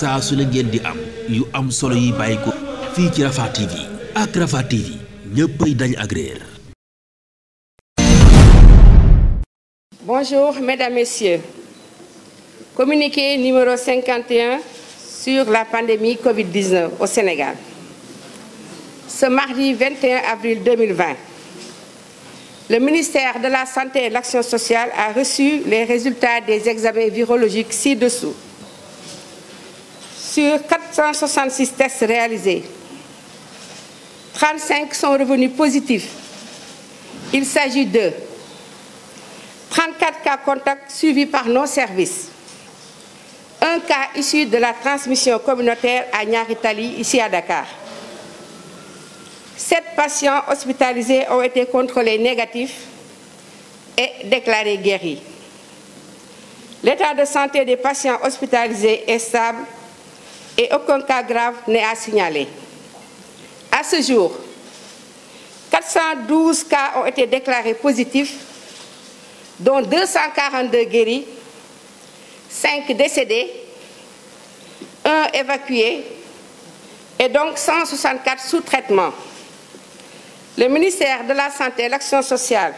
saa su ne Bonjour mesdames, messieurs. Communiqué numéro sur la pandémie covid au Sénégal. Ce mardi avril le ministère de la Santé et de l'Action sociale a reçu les résultats des examens virologiques ci-dessous. sur 466 tests réalisés, 35 sont revenus positifs. Il s'agit de 34 cas contacts suivis par nos services, un cas issu de la transmission communautaire à Niaritali, ici à Dakar. Sept patients hospitalisés ont été contrôlés négatifs et déclarés guéris. L'état de santé des patients hospitalisés est stable et aucun cas grave n'est à signaler. À ce jour, 412 cas ont été déclarés positifs, dont 242 guéris, 5 décédés, 1 évacué et donc 164 sous traitement. Le ministère de la Santé et de sociale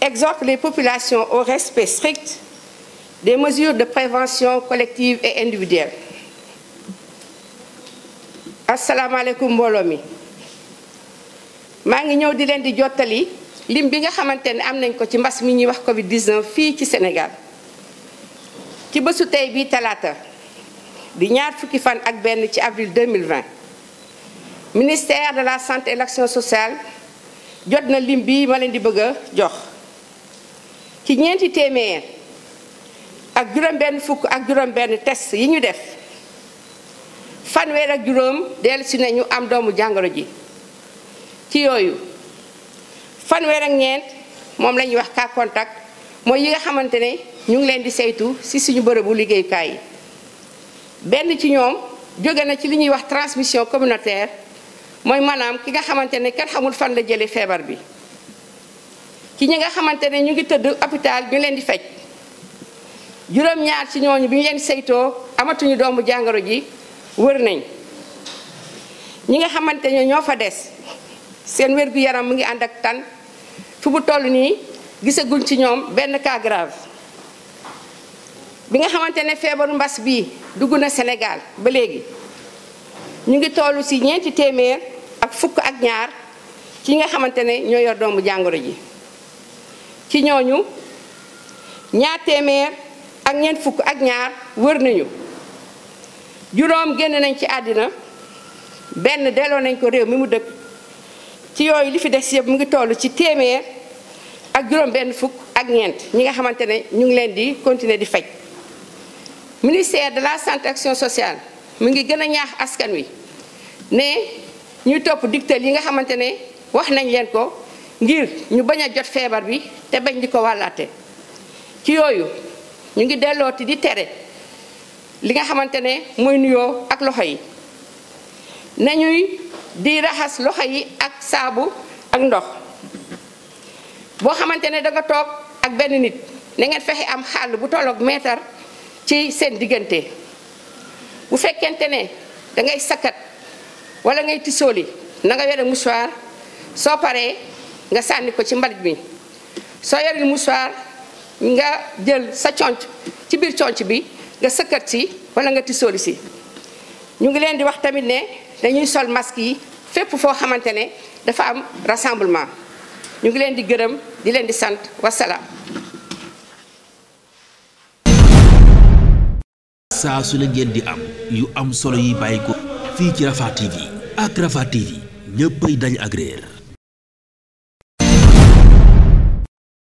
exhorte les populations au des mesures de prévention collective et individuelle. asalaamaaleykum mbooloo mi maa ngi ñëw di leen di jottali lim bi nga xamante ni am nañ ko ci mbas mi ñuy wax Covid fii ci Sénégal ci bësu tey bii talaata di ñaar fukki fan ak benn ci avril 2020 ministère de la santé et l'action sociale jot na lim bi ma leen di bëgg a jox ci ñeenti téeméer ak juróom-benn fukk ak juróom-benn test yi ñu def. fanweer ak juróom dellusi na ñu am doomu jàngoro ji ci yooyu fanweer ak ñeent moom lañuy wax cas contact mooy yi nga xamante ne ñu ngi leen di saytu ci suñu bërëbu liggéeyukaay yi benn ci ñoom jóge na ci li ñuy wax transmission communautaire mooy maanaam ki nga xamante ne kenn xamul fan la jëlee feebar bi ci ñi nga xamante ne ñu ngi tëdd hôpital ñu leen di faj juróom-ñaar ci ñooñu bi ñu leen saytoo amatuñu doomu jàngoro ji wër nañ ñi nga xamante ne ñoo fa des seen wér gu yaram mu ngi ànd ak tan fu bu toll nii gisaguñ ci ñoom benn cas grave bi nga xamante ne feebaru mbas bii dugg na senegaal ba léegi ñu ngi tollu ci ñeenti téeméer ak fukk ak ñaar ci nga xamante ne ñoo yor doomu jàngoro ji ci ñooñu ñaar téeméer ak ñeent fukk ak ñaar wër nañu juróom génn nañ ci àddina benn delloo nañ ko réew mi mu dëkk ci yooyu li fi des yëpp mu ngi toll ci téeméer ak juróom benn fukk ak ñeent ñi nga xamante ne ñu ngi leen di continuer di faj ministère de la santé action sociale mu ngi gën a ñaax askan wi ne ñuy topp digtal yi nga xamante ne wax nañ leen ko ngir ñu bañ a jot feebar bi te bañ di ko wàllaate ci yooyu ñu ngi dellooti di tere li nga xamante ne mooy nuyoo ak loxo yi nañuy di raxas loxo yi ak saabu ak ndox boo xamante ne danga toog ak benn nit na ngeen fexe am xàll bu tolloog meetar ci seen diggante bu fekkente ne dangay sakkat wala ngay tisooli nanga yore mouchoir soo paree nga sànni ko ci mbarit mi soo yore mouchoir nga jël sa conc ci biir conc bi nga sëkkat si wala nga tisooli si ñu ngi leen di wax tamit ne dañuy sol masque yi fépp foo xamante ne dafa am rassemblement ñu ngi leen di gërëm di leen di sant wasalaam. saa su ne ngeen di am yu am solo yi bàyyi ko fii ci Rafah TV ak Rafah TV ñëppay dañ agréer